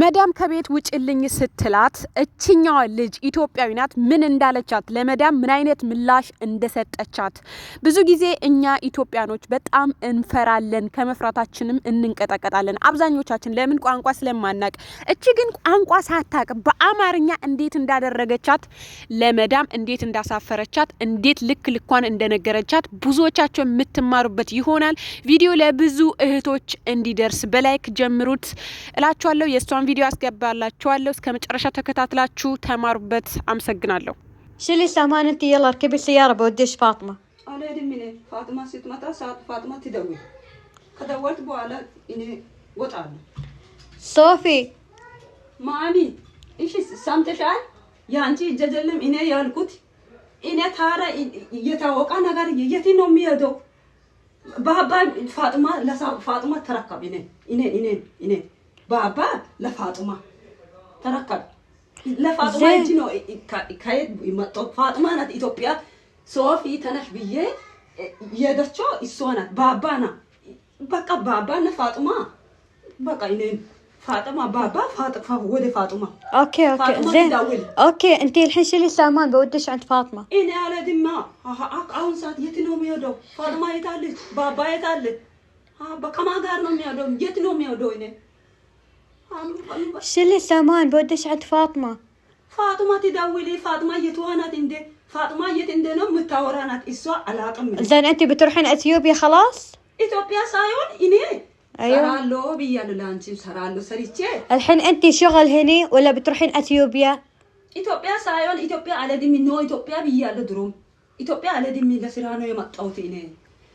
መዳም ከቤት ውጭልኝ ስትላት እችኛዋ ልጅ ኢትዮጵያዊ ናት። ምን እንዳለቻት ለመዳም ምን አይነት ምላሽ እንደሰጠቻት። ብዙ ጊዜ እኛ ኢትዮጵያኖች በጣም እንፈራለን፣ ከመፍራታችንም እንንቀጠቀጣለን አብዛኞቻችን ለምን ቋንቋ ስለማናቅ። እቺ ግን ቋንቋ ሳታቅ በአማርኛ እንዴት እንዳደረገቻት ለመዳም እንዴት እንዳሳፈረቻት፣ እንዴት ልክ ልኳን እንደነገረቻት ብዙዎቻቸው የምትማሩበት ይሆናል። ቪዲዮ ለብዙ እህቶች እንዲደርስ በላይክ ጀምሩት እላችኋለሁ። የእሷን ቀጣዩን ቪዲዮ አስገባላችኋለሁ። እስከ መጨረሻ ተከታትላችሁ ተማሩበት። አመሰግናለሁ። ሽሊ ሳማንንቲ የላ ርክቢ ስያራ በወዴሽ ፋጥማ አልሄድም። እኔ ፋጥማ ስትመጣ ሰዓት ፋጥማ ትደውል። ከደወልት በኋላ እኔ ወጣለሁ። ሶፊ ማሚ እሺ፣ ሰምተሻል? የአንቺ እጀጀልም እኔ ያልኩት እኔ ታራ እየታወቀ ነገር የት ነው የሚሄደው? በአባ ፋጥማ ለሳ ፋጥማ ተረከብ እኔ እኔ እኔ እኔ በአባ لفاطمة تركب لفاطمة انت نو كايد يمطو فاطمة نات إثيوبيا صوفي تنح بيه يدتشو إسوانات بابانا بقى بابانا فاطمة بقى إنين فاطمه بابا فاطمه ولد فاطمه اوكي اوكي فاطمة زين تداول. اوكي انت الحين شيلي السامان بودش عند فاطمه انا على دما اون ساعت يتنوم يودو فاطمه يتالت بابا يتالت ها بقى ما قارنهم يودو يتنوم يودو إني شلي سامان بودش عند فاطمة فاطمة تدوي لي فاطمة يتوانت عندي فاطمة يتندي نوم متورانات إسوا على قمة زين أنت بتروحين أثيوبيا خلاص؟ إثيوبيا سايون إني أيوة سرالو بيالو لانتي سرالو سريتي الحين أنت شغل هني ولا بتروحين أثيوبيا؟ إثيوبيا سايون إثيوبيا على دي منو إثيوبيا بيالو دروم إثيوبيا على دي من لسرانو يمطوت إني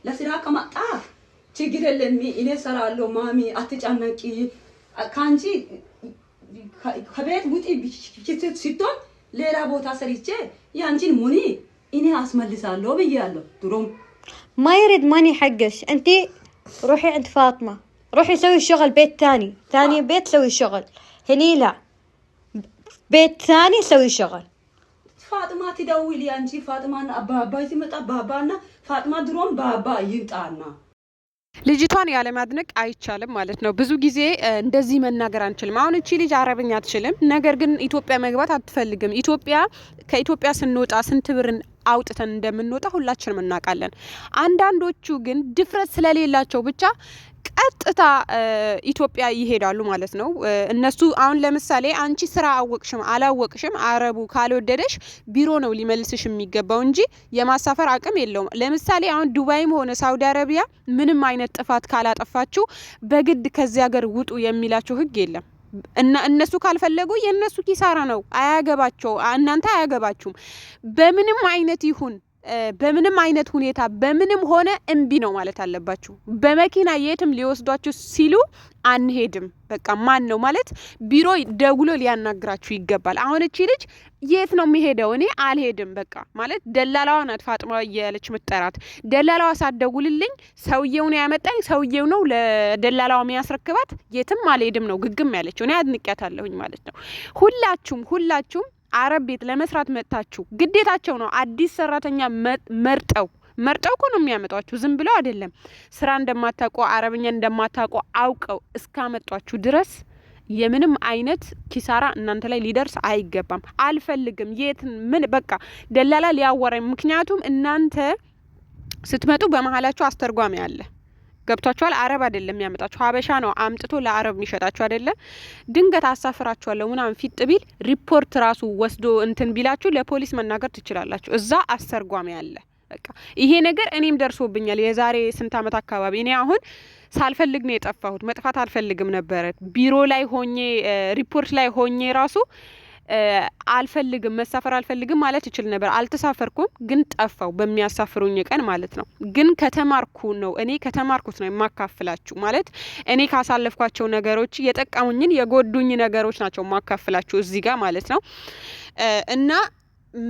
لسرا كمطاف ችግር የለም እኔ ሰራለሁ ማሚ አትጨነቂ ما يريد ماني حقش انت روحي عند فاطمة روحي سوي شغل بيت ثاني ثاني بيت سوي شغل هني لا بيت ثاني سوي شغل ፋጥማ فاطمة أنا ፋጥማና አባባ ሲመጣ ባባና فاطمة دروم بابا ينتعنا ልጅቷን ያለማድነቅ አይቻልም ማለት ነው። ብዙ ጊዜ እንደዚህ መናገር አንችልም። አሁን እቺ ልጅ አረብኛ አትችልም፣ ነገር ግን ኢትዮጵያ መግባት አትፈልግም። ኢትዮጵያ ከኢትዮጵያ ስንወጣ ስንት ብርን አውጥተን እንደምንወጣ ሁላችንም እናውቃለን። አንዳንዶቹ ግን ድፍረት ስለሌላቸው ብቻ ቀጥታ ኢትዮጵያ ይሄዳሉ ማለት ነው። እነሱ አሁን ለምሳሌ አንቺ ስራ አወቅሽም አላወቅሽም አረቡ ካልወደደሽ ቢሮ ነው ሊመልስሽ የሚገባው እንጂ የማሳፈር አቅም የለውም። ለምሳሌ አሁን ዱባይም ሆነ ሳውዲ አረቢያ ምንም አይነት ጥፋት ካላጠፋችሁ በግድ ከዚህ ሀገር ውጡ የሚላችሁ ህግ የለም። እና እነሱ ካልፈለጉ የእነሱ ኪሳራ ነው። አያገባቸው እናንተ አያገባችሁም። በምንም አይነት ይሁን በምንም አይነት ሁኔታ በምንም ሆነ እምቢ ነው ማለት አለባችሁ። በመኪና የትም ሊወስዷችሁ ሲሉ አንሄድም በቃ ማን ነው ማለት ቢሮ ደውሎ ሊያናግራችሁ ይገባል። አሁን እቺ ልጅ የት ነው የሚሄደው? እኔ አልሄድም በቃ ማለት ደላላዋ ናት ፋጥማ እያለች ምጠራት። ደላላዋ ሳደውልልኝ ሰውየው ነው ያመጣኝ፣ ሰውየው ነው ለደላላዋ የሚያስረክባት። የትም አልሄድም ነው ግግም ያለችው። እኔ አድንቄያታለሁኝ ማለት ነው። ሁላችሁም ሁላችሁም አረብ ቤት ለመስራት መጥታችሁ ግዴታቸው ነው። አዲስ ሰራተኛ መርጠው መርጠው እኮ ነው የሚያመጧችሁ። ዝም ብለው አይደለም። ስራ እንደማታውቁ አረብኛ እንደማታውቁ አውቀው እስካመጧችሁ ድረስ የምንም አይነት ኪሳራ እናንተ ላይ ሊደርስ አይገባም። አልፈልግም የት ምን በቃ ደላላ ሊያወራኝ። ምክንያቱም እናንተ ስትመጡ በመሀላችሁ አስተርጓሚ አለ። ገብቷችኋል። አረብ አይደለም የሚያመጣችሁ ሀበሻ ነው አምጥቶ ለአረብ የሚሸጣችሁ አይደለም። ድንገት አሳፍራችኋለሁ ምናምን ፊጥ ቢል ሪፖርት ራሱ ወስዶ እንትን ቢላችሁ ለፖሊስ መናገር ትችላላችሁ። እዛ አስተርጓሚ አለ። በቃ ይሄ ነገር እኔም ደርሶብኛል። የዛሬ ስንት ዓመት አካባቢ እኔ አሁን ሳልፈልግ ነው የጠፋሁት። መጥፋት አልፈልግም ነበረ። ቢሮ ላይ ሆኜ ሪፖርት ላይ ሆኜ ራሱ አልፈልግም መሳፈር አልፈልግም ማለት ይችል ነበር። አልተሳፈርኩም፣ ግን ጠፋው በሚያሳፍሩኝ ቀን ማለት ነው። ግን ከተማርኩ ነው እኔ ከተማርኩት ነው የማካፍላችሁ ማለት እኔ ካሳለፍኳቸው ነገሮች የጠቀሙኝን የጎዱኝ ነገሮች ናቸው የማካፍላችሁ እዚህ ጋር ማለት ነው እና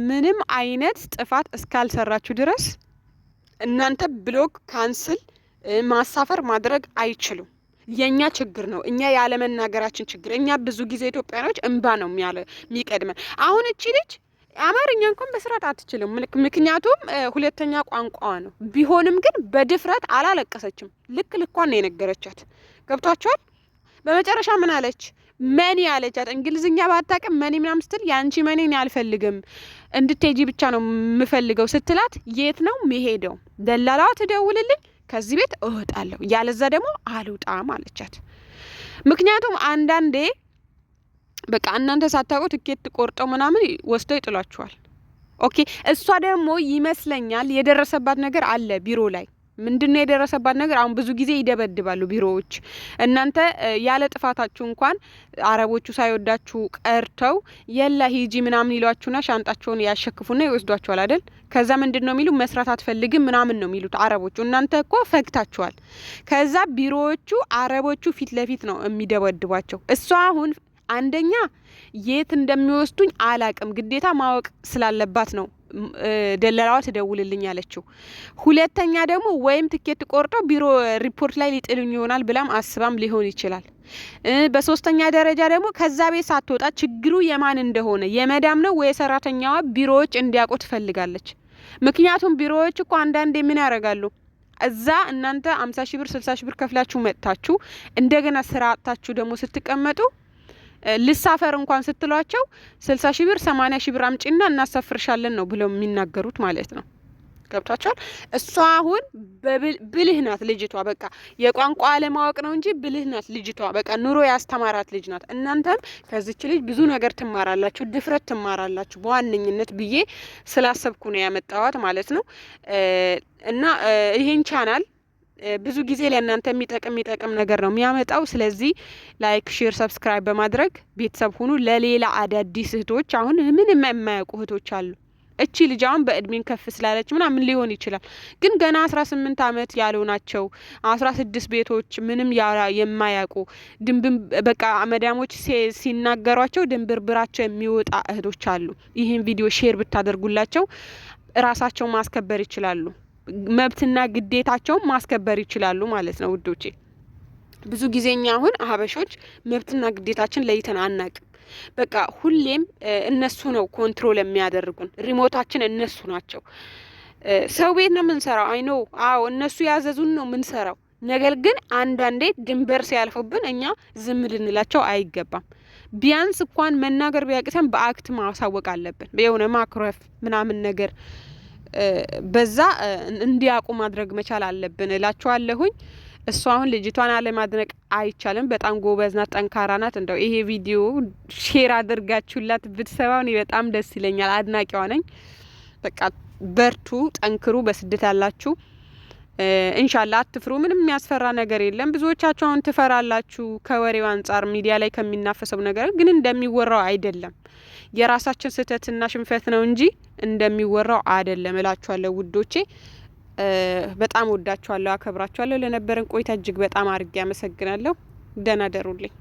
ምንም አይነት ጥፋት እስካልሰራችሁ ድረስ እናንተ ብሎክ ካንስል ማሳፈር ማድረግ አይችሉም። የእኛ ችግር ነው። እኛ ያለመናገራችን ችግር። እኛ ብዙ ጊዜ ኢትዮጵያኖች እንባ ነው የሚቀድመን። አሁን እቺ ልጅ አማርኛ እንኳን በስርዓት አትችልም። ምክንያቱም ሁለተኛ ቋንቋዋ ነው። ቢሆንም ግን በድፍረት አላለቀሰችም። ልክ ልኳን ነው የነገረቻት። ገብቷቸዋል። በመጨረሻ ምን አለች? መኒ አለቻት። እንግሊዝኛ ባታቅም መኒ ምናም ስትል የአንቺ መኒን አልፈልግም እንድትሄጂ ብቻ ነው የምፈልገው ስትላት፣ የት ነው የሚሄደው? ደላላዋ ትደውልልኝ ከዚህ ቤት እወጣለሁ፣ ያለዛ ደግሞ አልውጣም አለቻት። ምክንያቱም አንዳንዴ በቃ እናንተ ሳታውቁ ትኬት ቆርጠው ምናምን ወስደው ይጥሏችኋል። ኦኬ እሷ ደግሞ ይመስለኛል የደረሰባት ነገር አለ ቢሮ ላይ ምንድን ነው የደረሰባት ነገር? አሁን ብዙ ጊዜ ይደበድባሉ ቢሮዎች። እናንተ ያለ ጥፋታችሁ እንኳን አረቦቹ ሳይወዳችሁ ቀርተው የላ ሂጂ ምናምን ይሏችሁና ሻንጣቸውን ያሸክፉና ይወስዷችኋል አይደል? ከዛ ምንድን ነው የሚሉ መስራት አትፈልግም ምናምን ነው የሚሉት አረቦቹ። እናንተ እኮ ፈግታችኋል። ከዛ ቢሮዎቹ አረቦቹ ፊት ለፊት ነው የሚደበድቧቸው። እሷ አሁን አንደኛ የት እንደሚወስዱኝ አላቅም፣ ግዴታ ማወቅ ስላለባት ነው ደለላዋ ትደውልልኝ አለችው። ሁለተኛ ደግሞ ወይም ትኬት ቆርጠው ቢሮ ሪፖርት ላይ ሊጥልኝ ይሆናል ብላም አስባም ሊሆን ይችላል። በሶስተኛ ደረጃ ደግሞ ከዛ ቤት ሳትወጣ ችግሩ የማን እንደሆነ የመዳም ነው ወይ ሰራተኛዋ ቢሮዎች እንዲያውቁ ትፈልጋለች። ምክንያቱም ቢሮዎች እኮ አንዳንዴ ምን ያደርጋሉ እዛ እናንተ አምሳ ሺ ብር ስልሳ ሺ ብር ከፍላችሁ መጥታችሁ እንደገና ስራ አጥታችሁ ደግሞ ስትቀመጡ ልሳፈር እንኳን ስትሏቸው ስልሳ ሺ ብር ሰማኒያ ሺ ብር አምጪና እናሳፍርሻለን ነው ብለው የሚናገሩት ማለት ነው። ገብቷቸዋል። እሷ አሁን ብልህ ናት ልጅቷ። በቃ የቋንቋ አለማወቅ ነው እንጂ ብልህ ናት ልጅቷ። በቃ ኑሮ ያስተማራት ልጅ ናት። እናንተም ከዚች ልጅ ብዙ ነገር ትማራላችሁ፣ ድፍረት ትማራላችሁ። በዋነኝነት ብዬ ስላሰብኩ ነው ያመጣዋት ማለት ነው እና ይሄን ቻናል ብዙ ጊዜ ለእናንተ የሚጠቅም የሚጠቅም ነገር ነው የሚያመጣው። ስለዚህ ላይክ፣ ሼር፣ ሰብስክራይብ በማድረግ ቤተሰብ ሁኑ። ለሌላ አዳዲስ እህቶች አሁን ምንም የማያውቁ እህቶች አሉ። እቺ ልጅ አሁን በእድሜን ከፍ ስላለች ምናምን ሊሆን ይችላል፣ ግን ገና አስራ ስምንት አመት ያለው ናቸው አስራ ስድስት ቤቶች ምንም የማያውቁ ድንብን በቃ መዳሞች ሲናገሯቸው ድንብርብራቸው የሚወጣ እህቶች አሉ። ይህን ቪዲዮ ሼር ብታደርጉላቸው ራሳቸው ማስከበር ይችላሉ። መብትና ግዴታቸውን ማስከበር ይችላሉ ማለት ነው ውዶቼ። ብዙ ጊዜ እኛ አሁን ሀበሾች መብትና ግዴታችን ለይተን አናቅም። በቃ ሁሌም እነሱ ነው ኮንትሮል የሚያደርጉን፣ ሪሞታችን እነሱ ናቸው። ሰው ቤት ነው የምንሰራው። አይኖ አዎ፣ እነሱ ያዘዙን ነው የምንሰራው። ነገር ግን አንዳንዴ ድንበር ሲያልፉብን እኛ ዝም ልንላቸው አይገባም። ቢያንስ እንኳን መናገር ቢያቅተን በአክት ማሳወቅ አለብን። የሆነ ማኩረፍ ምናምን ነገር በዛ እንዲያውቁ ማድረግ መቻል አለብን እላችኋለሁኝ። እሱ አሁን ልጅቷን አለማድነቅ አይቻልም። በጣም ጎበዝ ናት፣ ጠንካራ ናት። እንደው ይሄ ቪዲዮ ሼር አድርጋችሁላት ብትሰባው እኔ በጣም ደስ ይለኛል። አድናቂዋ ነኝ። በቃ በርቱ፣ ጠንክሩ። በስደት ያላችሁ እንሻላ አትፍሩ። ምንም የሚያስፈራ ነገር የለም። ብዙዎቻችሁ አሁን ትፈራላችሁ ከወሬው አንጻር ሚዲያ ላይ ከሚናፈሰው ነገር፣ ግን እንደሚወራው አይደለም። የራሳችን ስህተትና ሽንፈት ነው እንጂ እንደሚወራው አይደለም እላችኋለሁ ውዶቼ። በጣም ወዳችኋለሁ፣ አከብራችኋለሁ። ለነበረን ቆይታ እጅግ በጣም አድርጌ አመሰግናለሁ። ደህና ደሩልኝ።